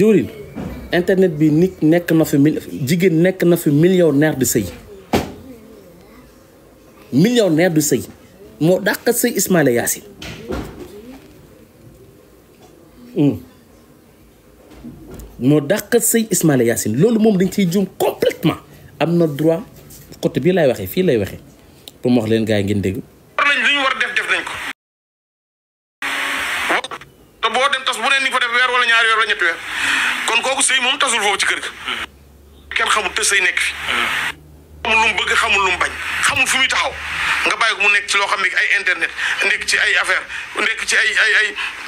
jëwriñ internet bi nit nekk na fi mil jigéen nekk na fi millionnaire de sëy millionnaire de sëy moo dàqat sëy Ismaïla Yacine hmm. moo dàqat sëy Ismaïla Yacine loolu moom dañ ciy juum complètement am na droit côté bii lay waxee fii lay waxee pour ma wax leen gars yi ngeen dégg. war war def def nañ ko. weer wala ñaari weer wala ñetti weer kon kooku sëy moom tasul foofu ci kër ga. kenn xamul te sëy nekk fi. xamul bëgg xamul lu mu bañ xamul fu muy taxaw nga bàyyi ko mu nekk ci loo xam ne ay internet nekk ci ay affaire nekk ci ay ay ay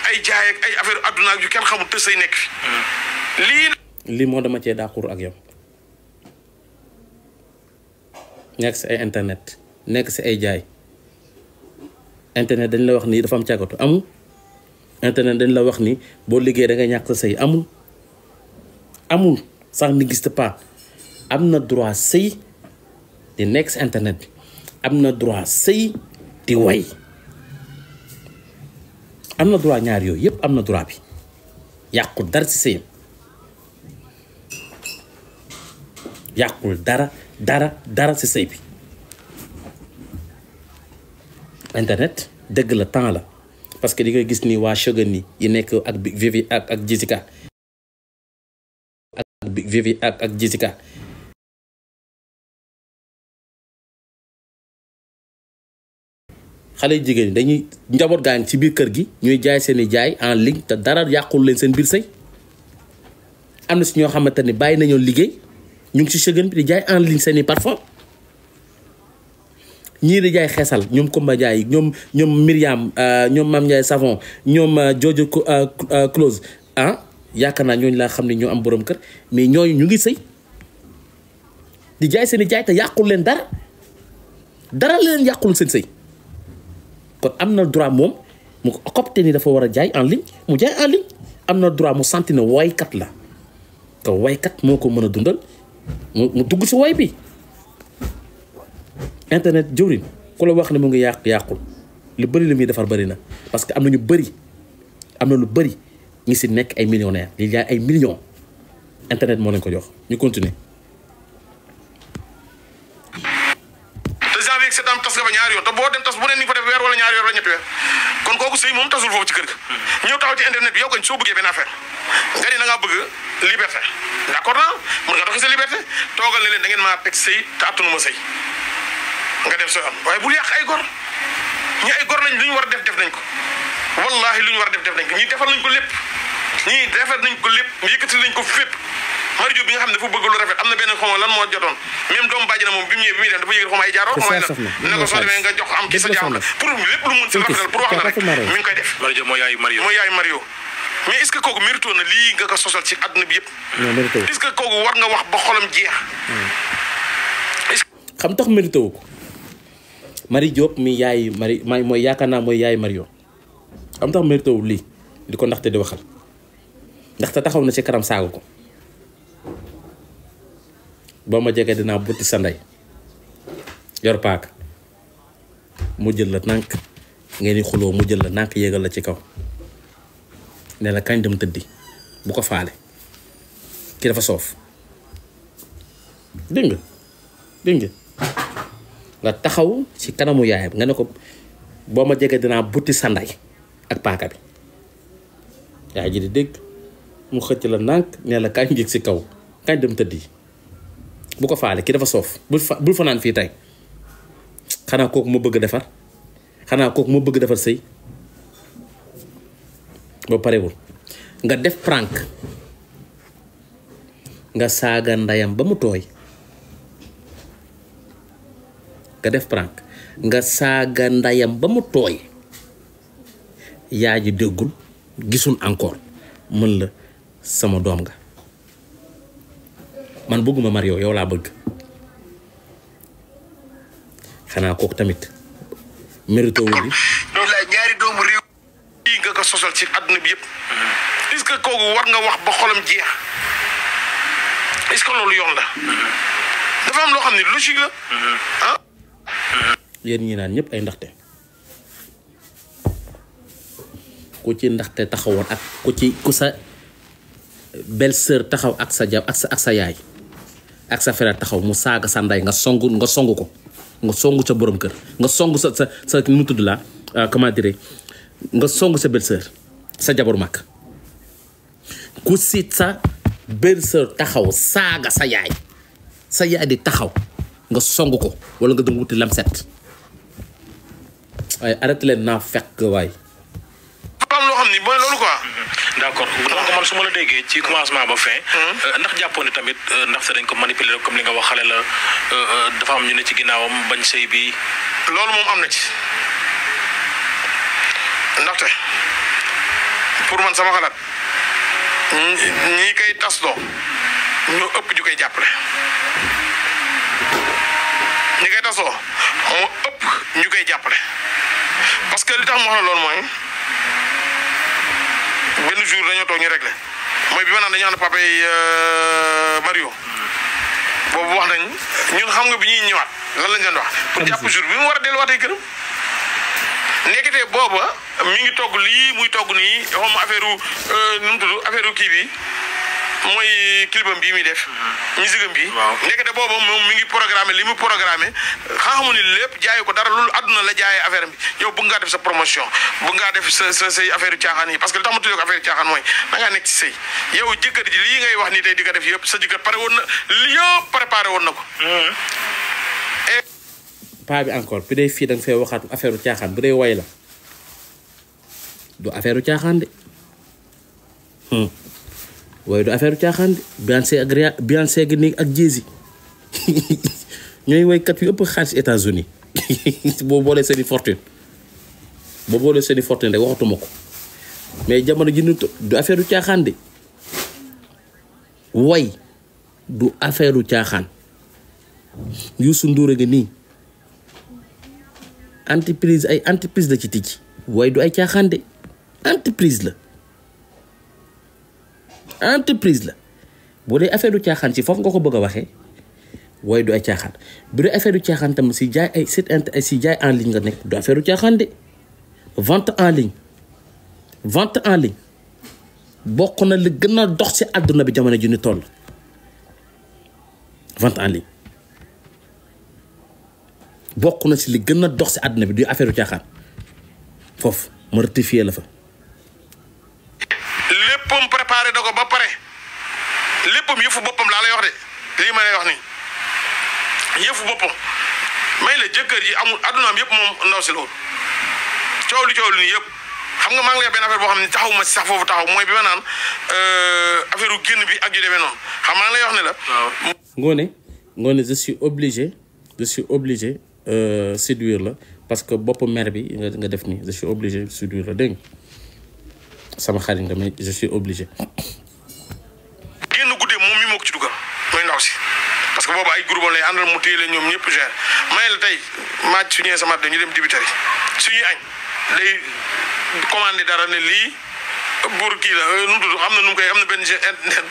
ay jaay ay affaire adduna ak yu kenn xamul tës sëy nekk fi. lii. lii moo dama cee dàqur ak yow. nekk si ay internet nekk si ay jaay internet dañ la wax nii dafa am càggatu internet dañ la wax ni boo liggéey dangay ñàkk sa sëy amul amul sax n'existe pas am na droit sëy di nekk si internet bi am na droit sëy di way am na droit ñaar yooyu yëpp am na droit bi yàqul dara si sëyam yàqul dara dara dara si sëy bi internet dëgg la temps la parce que di nga gis ni waa Sugar ni yi nekk ak ak ak Jessica ak xale jigéen ñi dañuy njaboot gaa ngi ci biir kër gi ñuy jaay seeni jaay en ligne te dara yàqul leen seen biir sëy am na si ñoo xamante ni bàyyi nañoo liggéey ñu ngi ci Sugar bi di jaay en ligne seeni parfum ñii di jaay xeesal ñoom Kumba Jaay ñoom ñoom Myriam euh, ñoom Mame Ndiaye Savon ñoom euh, Jojo euh, Close ah yaakaar naa ñooñu laa xam ne ñoo am boroom kër mais ñooñu ñu ngi sëy di jaay seen i jaay te yàqul leen dara dara leen yàqul seen sëy kon am na droit moom mu ko copte ni dafa war a jaay en ligne mu jaay en ligne am na droit mu santine ne woykat la te woykat moo ko mën a dundal mu dugg si woy bi internet jëwriñ ku la wax ne mu ngi yàq yàqul lu bëri li muy defar bëri na parce que am na ñu bëri am na lu bëri ñi si nekk ay millionnaire li jaay ay millions internet moo leen ko jox ñu continuer. set am tas nga fa ñaari yoon te boo dem tas bu ne ni fa def weer wala ñaari weer wala kon kooku sëy moom tasul foofu ci kër ga ñëw taxaw ci internet bi yow kañ soo bëggee benn affaire nga ni da bëgg liberté d'accord na nga doxee te nga def soo am waaye bul yàq ay gor ñi ay gor lañ lu ñu war a def def nañ ko wallahi lu ñu war a def def nañ ko ñii defal nañ ko lépp ñii defal nañ ko lépp yëkkati nañ ko fépp Mary Diop bi nga xam ne dafa bëgg lu rafet am na benn xaw ma lan moo jotoon même doomu bàjj na moom bi mu ñëwee bi muy dem dafa yëgal xaw ma ay jaaroo mooy na ne ko soo demee nga jox am ci sa jaam la pour lépp lu mën si rafetal pour wax la rek mi ngi koy def Mary Diop mooy yaayu Mario mooy yaayu Mario mais est-ce que kooku mérito na lii nga ko sosal ci àdduna bi yëpp est-ce que kooku war nga wax ba xolam jeex hmm. xam tax mérito ko Marie Diop mi yaay Marie ma mooy yaakaar naa mooy yaay Mario am tax mérité wul lii di ko ndaxte di waxal ndaxte taxaw na ci kanam saaga ko boo ma jegee dinaa butti sa ndey yor paaka mu jël la nànk ngeen di xuloo mu jël la nànk yéegal la ci kaw ne la kañ dem tëddi bu ko faale ki dafa soof dégg nga nga taxaw ci kanamu yaayam nga ne ko boo ma jege dinaa butti sa ndey ak paaka bi yaay ji di dégg mu xëcc la nànk nee la kañ ngeeg ci kaw kañ dem tëdd yi bu ko faale ki dafa soof bul fa bul fanaan fii tey xanaa kook mu bëgg defar xanaa kook ma bëgg defar sëy ba parewul nga def prank nga saaga ndeyam ba mu tooy nga def prank nga saaga ndayam ba mu tooy yaa ji déggul gisul encore mën la sama doom nga man bëgguma Mario yow laa bëgg xanaa kooku tamit mérito wu la ñaari doomu réew yi nga ko sosal ci àdduna bi yëpp mm-hmm. est kooku war nga wax ba xolam jeex est loolu yoon la mm-hmm. dafa am loo xam ne logique la mm-hmm. ah yéen ñi naan ñëpp ay ndaxte ku ci ndaxte taxawoon ak ku ci ku sa belle taxaw ak sa ak sa ak yaay sa taxaw mu saaga sa nga songu nga songu ko nga songu sa borom kër nga songu sa sa euh, dire nga songu sa belle sa jabar mag ku si sa belle-sœur saaga sa yaay sa yaay di taxaw nga songu ko wala nga dem wuti lamset waaye arrêté leen naa fekk waay. am loo xam ni mooy loolu quoi. d' accord donc man su ma la déggee ci commencement ba fin. Hmm. Euh, ndax jàppoo ni tamit euh, ndax dañ ko manipuler comme li nga wax xale la euh, dafa am ñu ne ci ginnaawam bañ sëy bi. loolu moom am na ci ndaxte pour man sama xalaat ñi koy tas doo ñu ëpp ju koy jàppale ñu koy tasoo moo ëpp ñu koy jàppale. te li tax mu wax la loolu mooy benn jour dañoo toog ñu réglé mooy bi ma naan dañu ànd papa yi euh, Mario wax nañ ñun xam nga bi ñuy ñëwaat lan lañ doon wax. pour jàpp jour bi mu war a gën këram. nekkatee booba mu ngi togg lii muy togg nii xaw ma affaire euh, nu mu tudd affaire kii bi. mooy clipam bii muy def. Mm-hmm. musigam bi nekk de booba moom mi ngi programmé li mu programmé xamu ni lépp jaayu ko dara loolu àdduna la jaayee affaire bi yow bëgg nga def sa promotion bëgg ngaa def sa sa say affaire yu caaxaan yi parce que li tax ma tuddee ko affaire ci sëy yow lii ngay wax nii tey di nga def yëpp sa jëkkër pare woon na li yëpp préparé woon na ko. Mm-hmm. paa bi encore bu dee fii da nga fay waxaat affaire yu caaxaan bu dee way la du affaire caaxaan de. Hmm. waaye du affaire caaxaan Beyoncé ak Ria Beyoncé gi nii ak Jay-Z ñooy woykat yu ëpp xaalis États-Unis boo boolee seeni fortune boo boolee seeni fortune rek waxatuma ko mais jamono ji nu du affaire u caaxaan de way du affaire u caaxaan Youssou Ndour a ngi nii entreprise ay entreprise la ci tijji way du ay caaxaan de entreprise la entreprise la bu dee affaire du caaxaan si foofu nga ko bëgg a waxee waaye du ay caaxaan bu dee affaire du caaxaan tam si jaay ay site internet si jaay en ligne nga nekk du affaire du caaxaan de vente en ligne vente en ligne bokk na li gën a dox si àdduna bi jamono ji toll vente en ligne na si li gën a dox si àdduna bi du affaire du caaxaan foofu ma rectifier la fa. na ko ba pare léppam yëfu boppam laa lay wax de lii ma lay wax nii yëfu boppam may la jëkkër ji amul addunaam yëpp moom ndaw si loolu coow li coow li nii yëpp xam nga maa ngi lay benn boo xam ne taxaw ma si taxaw mooy bi ma naan euh, affaire génn bi ak yu demee noonu xam maa ngi lay wax ne la. ngoone ngoone je suis obligé je suis obligé euh, séduire la parce que bopp mère bi nga def nii je suis séduire la dégg sama xarit damay je suis obligé. génn guddee moom mi moo ci dugal mooy ndaxu si parce que boobu ay groupe lay àndal mu téye leen ñoom ñëpp gère may la tey maaj su ñëwee sama dañu dem dibitari suñuy añ day commandé dara ne lii buur kii la nu mu tudd am na nu koy am na benn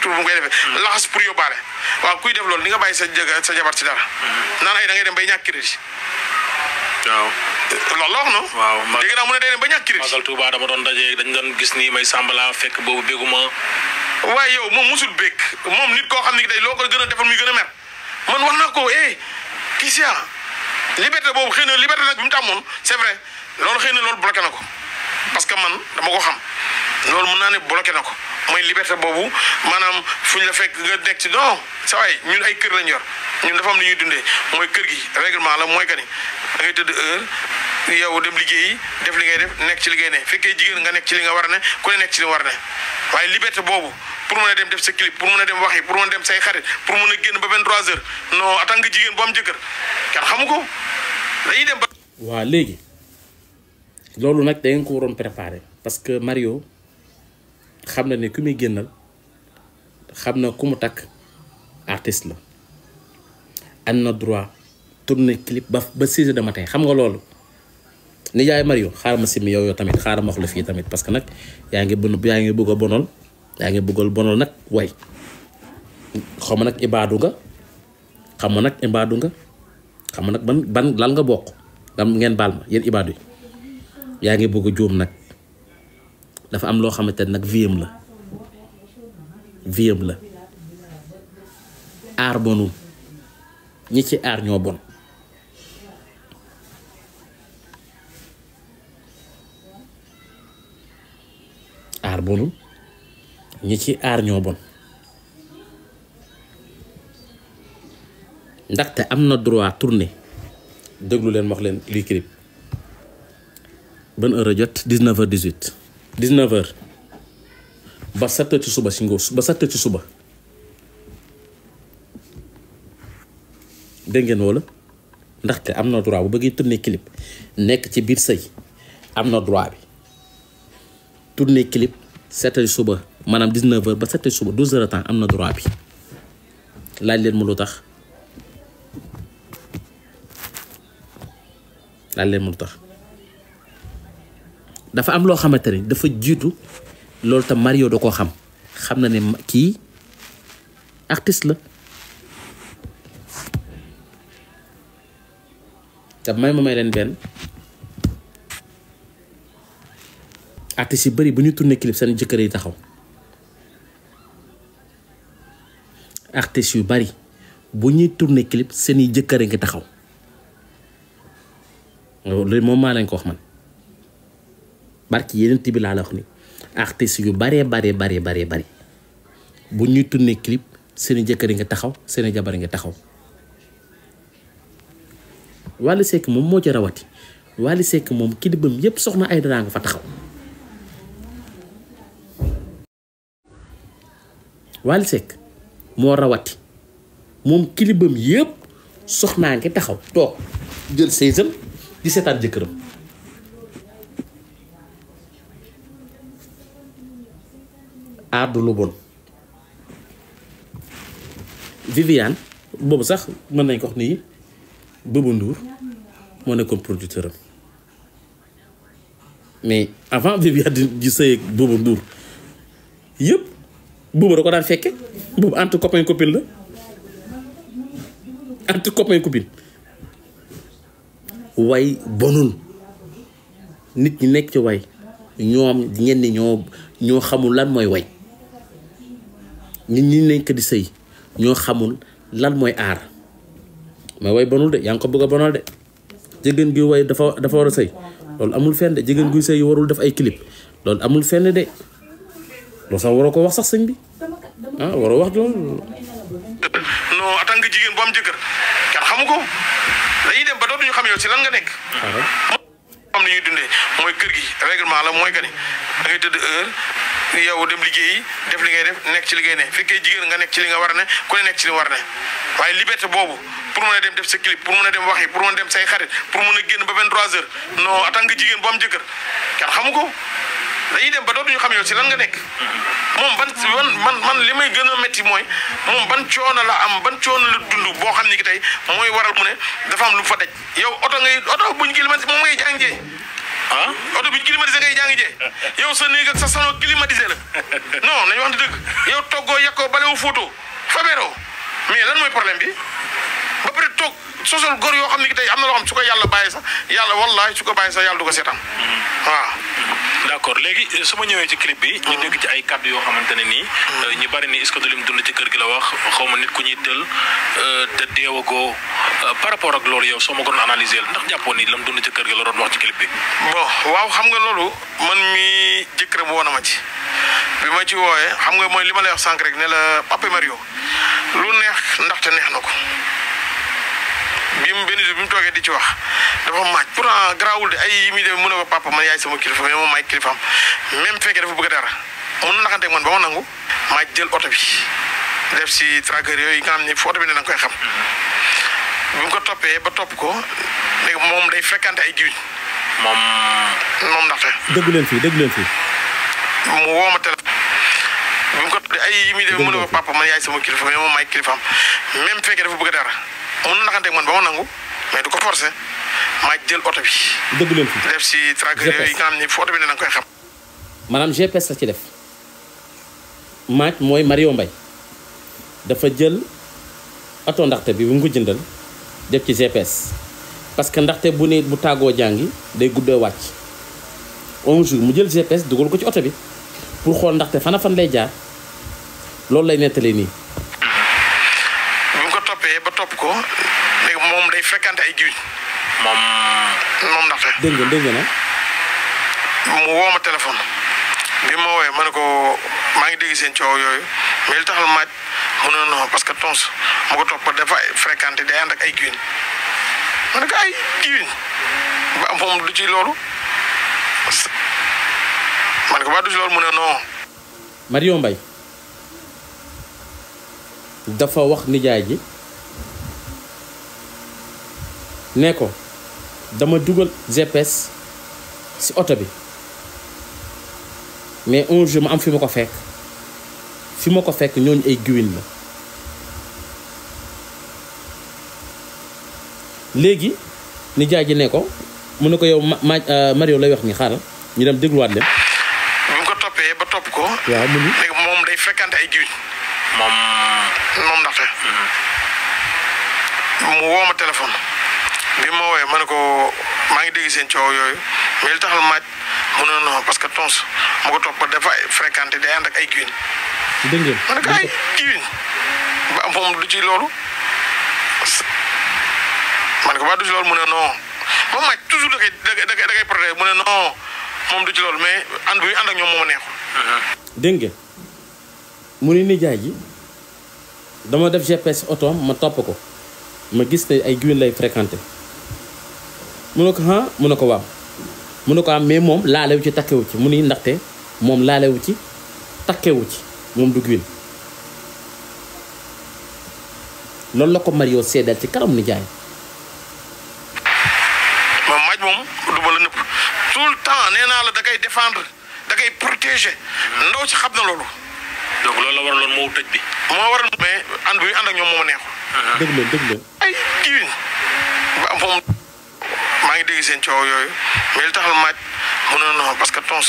tur bu mu koy defee. Hmm. laxas pour yóbbaale waaw kuy def loolu di nga bàyyi sa sa jabar ci dara. Hmm. naan ay da ngay dem bay ñàkk crédit waaw. loolu la wax noonu. waaw man dégg naa mu ne ba ñàkk crédit. Magal Touba dama doon daje dañ doon gis nii may sàmbala fekk boobu béguma waaye yow moom musul bég moom nit koo xam ne day loo ko gën a defal muy gën a mer man wax naa ko eh Kisia liberté boobu xëy na liberté nag bi mu tàmmoon c'est vrai loolu xëy na loolu bloqué na ko parce que man dama ko xam loolu mun naa ne bloqué na ko. mooy liberté boobu maanaam fu ñu la fekk nga nekk ci non sa waay ñun ay kër lañ yor ñun dafa am ñuy dundee mooy kër gi règlement la mooy que ni da tëdd heure. yow dem liggéeyi def li ngay def nekk ci li ngay ne fekkee jigéen nga nekk ci li nga war a ne ku ne nekk ci li nga war ne waaye liberté boobu pour mën a dem def sa clip pour mën a dem wax yi pour mën a dem say xarit pour mun a génn ba 23 heures no en tant que jigéen bu am jëkkër kenn xamu ko dañuy dem ba. waaw léegi loolu nag da ngeen ko waroon parce que Mario. xam na ne ku muy génnal xam na ku mu takk artiste la am na droit tourner clip ba ba six heures de xam nga loolu nijaay Mario xaaral ma simmi yow yow tamit xaaral ma wax la fii tamit parce que nag yaa ngi bun yaa ngi bëgg a bonol yaa ngi bëggal bonol nag way xaw ma nag ibaadu nga xam ma nag ibaadu nga xam ma nag ban ban lan nga bokk dam ngeen baal ma yéen ibaadu yi yaa ngi bëgg a nag dafa am loo xamante ne nag viem la viem la aar bonul ñi ci aar ñoo bon aar ñi ci aar bon ndaxte am na droit tourné déglu leen wax leen lii clip ban heure a jot 19 heures 18 19 heures ba 7 ci suba si ngoos ba 7 ci suba dégg ngeen wala ndaxte am na droit bu bëggee tourner clip nekk ci biir sëy am na droit bi tourner clip 7 heures suba maanaam 19 heures ba 7 heures suba 12 heures temps am na droit bi laaj leen mu lu tax laaj leen mu lu tax. dafa am loo xamante ne dafa jiitu loolu tam Mario da ko xam xam na ne kii artiste la te may ma may leen benn artiste yu bari bu ñuy tourné clip seen jëkkër yi taxaw artiste yu bari bu ñuy tourné clip seen i jëkkër yi ngi taxaw loolu moom maa leen ko wax barki yeneen bi laa la ni artistes yu baree baree baree baree bari bu ñuy tourner clip seeni jëkkër nga taxaw seeni jabar nga taxaw Wally Seck moom moo ci rawati Wally Seck moom kilibam yépp soxna ay dara fa taxaw Wally moo rawati moom kilibam yépp soxnaa ngi taxaw toog jël saysam di seetaan jëkkëram aar du lu bon Viviane boobu sax mën nañ ko wax nii Bouba Ndour moo nekkoon producteur am mais avant Viviane di di sëy ak Bouba Ndour yëpp Bouba da ko daan fekke Bouba entre copain copine la entre copain copine way bonul nit ñi nekk ci way ñoom ñenn ñoo ñoo xamul lan mooy way ñi ñi nekk di sëy ñoo xamul lan mooy aar mais way bonul de yaa ngi ko bëgg a de jigéen gi way dafa dafa war a sëy loolu amul fenn de jigéen guy sëy warul def ay clip loolu amul fenn de loolu sax waroo ko wax sax sëñ bi ah, waroo wax loolu non attaque jigéen bu am jëkkër kenn xamu ko dañuy dem ba dootuñu xam yow ci lan nga nekk ah, ni ñuy dundee mooy kër gi règlement la mooy que ni da ngay tëdd heure yow dem liggéeyi def li ngay def nekk ci li ngay ne fekkee jigéen nga nekk ci li nga war a ne ku ne nekk ci li war a ne waaye liberté boobu pour mën a dem def sa clip pour mën a dem waxi pour mën a dem say xarit pour mën a génn ba 23 heures non en tant que jigéen bu am jëkkër kenn xamu ko. dañuy dem ba dootuñu xam yow si lan nga nekk. moom ban man man li may gën a métti mooy moom ban coono la am ban coono la dund boo xam ni ki tey mooy waral mu ne dafa am lu fa daj yow oto ngay oto buñ climatisé moom ngay jàngee. ah oto bi climatisé ngay jàng jee yow sa néeg sa salon climatisé la non nañu wax dëgg yow toggoo yekkoo balewu photo faberoo mais lan mooy problème bi ba pare toog sosal góor yoo xam ne tey am na loo xam su ko yàlla bàyyi sax yàlla wallaay su ko bàyyi sax yàlla du ko seetaan waaw. d' accord léegi euh, su ma ñëwee ci clip bi. ñu dégg ci ay kàddu yoo xamante ne nii. Euh, ñu bari ni est-ce que du lim dund ci kër gi la wax xaw ma nit ku ñuy tël euh, te deewagoo par rapport ak loolu yow soo ma ko doon analyser ndax jàppoon ni lam dund ci kër gi la doon wax ci clip bi. waaw xam nga loolu man mii jëkkëram woon na ma ci bi ma ci wooyee xam nga mooy li ma lay wax sànq rek ne la Pape Mario lu neex ndaxte neex na ko. bi mu benn bi mu toogee di ci wax dafa maaj pourtant garaawul de ay yi muy demee mu ne ko papa man yaay sama kilifa mais moom maay kilifaam même fekkee dafa bëgg dara mun na naxanteeg man ba nangu maa jël oto bi def si tracker yooyu nga xam ne fu bi ne na koy xam. mu ko toppee ba topp ko léegi moom day fekkante ay giwin. moom moom ndaxte. dégg fii dégg ma téléphone. bi mu ko mu ne ko papa man sama kilifa mais moom maay kilifaam même fekkee dafa bëgg dara. mun na naxanteeg man ba ma nangu mais du ko forcé maa jël oto bi. dëgg leen fi xam ne fu bi ne na maanaam GPS la ci def maaj mooy Mario Mbaye dafa jël oto ndaxte bi mu ko jëndal def ci GPS parce que ndaxte bu ne bu tàggoo jàngi day guddee wàcc un jour mu jël GPS dugal ko ci oto bi pour xool ndaxte fana fan lay jaar loolu lay nettalee nii. ay diwin. moom moom ndaxte. dégg nga na. mu woo ma téléphone. bi ma woowee ma ne ko maa ngi dégg seen coow yooyu mais li taxal maaj mu ne non parce que tons mu ko topp dafa fréquenté day ànd ak ay giwin ma ko ay giwin ba moom du ci loolu ma ne ko ba du ci loolu mu ne non. Mario Mbaye dafa wax nijaay ji. ne ko dama dugal GPS ci oto bi mais un ma am fi ma ko fekk fi ma ko fekk ñooñu ay giwin la léegi nijaay ji ne ko mun ne ko yow ma euh, Mario lay wax ni xaaral ñu dem dégluwaat leen. bi mu ko toppee ba topp ko. waaw mu léegi moom day fekkante ay giwin. moom moom ndaxte. Mm-hmm. mu woo ma téléphone. bi ma wooyee ma ne ko maa ngi dégg seen coow yooyu mais li taxul maaj mu ne non parce que tons mu ko topp dafa fréquenté day ànd ak ay giwin. dégg ngeen ma ne ko ba du ci loolu ma ne ko ba du ci mu ne non moom maaj toujours da koy da koy da koy moom du ci loolu mais ànd bi ànd ak ñoom moo neexul. dégg ngeen mu ne nijaay ji dama def GPS oto ma topp ko ma gis ne ay giwin lay fréquenté. mu ne ko ah mu ne ko waaw mu ne ko am ah, mais moom laalewu ci takkewu ci mu ni ndaxte moom laalewu ci takkewu ci moom du gwin loolu la ko Mario seedal ci kanam ni jaay moom maj moom du ma la nëpp tout le temps nee naa la da ngay défendre da ngay protéger ndaw ci xam na loolu donc loolu la waraloon moo tëj bi moo waral mais ànd bi ànd ak ñoom moo ma neexul dëgg la dëgg la ay jiwin maa ngi dégg seen coow yooyu mais li taxal maaj mënoon na parce que tons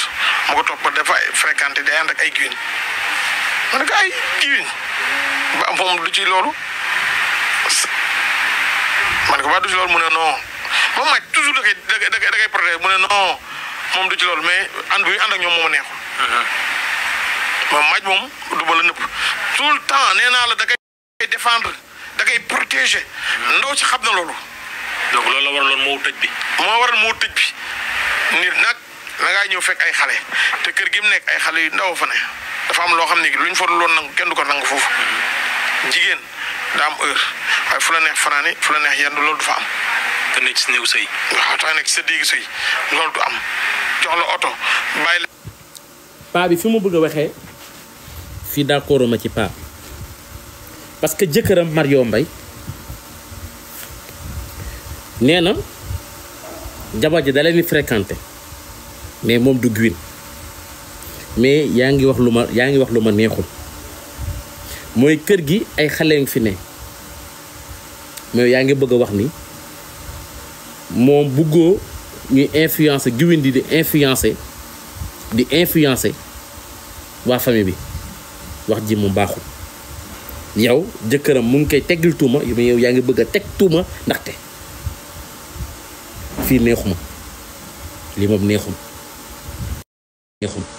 mu ko topp dafa fréquenté day ànd ak ay giwin ma ne ko ay giwin ba moom du loolu ma ne ko ba du ci loolu mu ne non moom maaj toujours da koy da da koy protégé mu ne loolu mais ànd bi ànd ak moo ma moom mm-hmm. maaj moom tout le temps nee naa la da koy défendre da koy ci mm-hmm. xam na loolu. donc loolu la war waraloon moo tëj bi. moo waral moo tëj bi nit nag da ñëw fekk ay xale te kër gi mu nekk ay xale yu ndaw fa ne dafa am loo xam ne luñ fa loon nangu kenn ko nangu foofu jigéen daa am heure waaye fu fanaane fu la neex yendu loolu du am. te nekk ci néegu sëy. waaw te nekk sa déegu sëy loolu du am jox la oto bàyyi la. paa bi fi mu bëgg a waxee. fii d'accord ma ci paa parce que jëkkëram Mario mbay nee na jabar ji da leen di fréquenté mais moom du gwin mais yaa ngi wax lu ma yaa ngi wax lu ma neexul mooy kër gi ay xale ngi fi ne mais yaa ngi bëgg a wax ni moom buggoo ñuy influencé giwin di di influencé di influencé waa famille bi wax ji mu baaxul yow jëkkëram mu ngi koy yu tuuma yow yaa ngi bëgg a teg tuuma ndaxte fii neexuma lii moom neexum neexum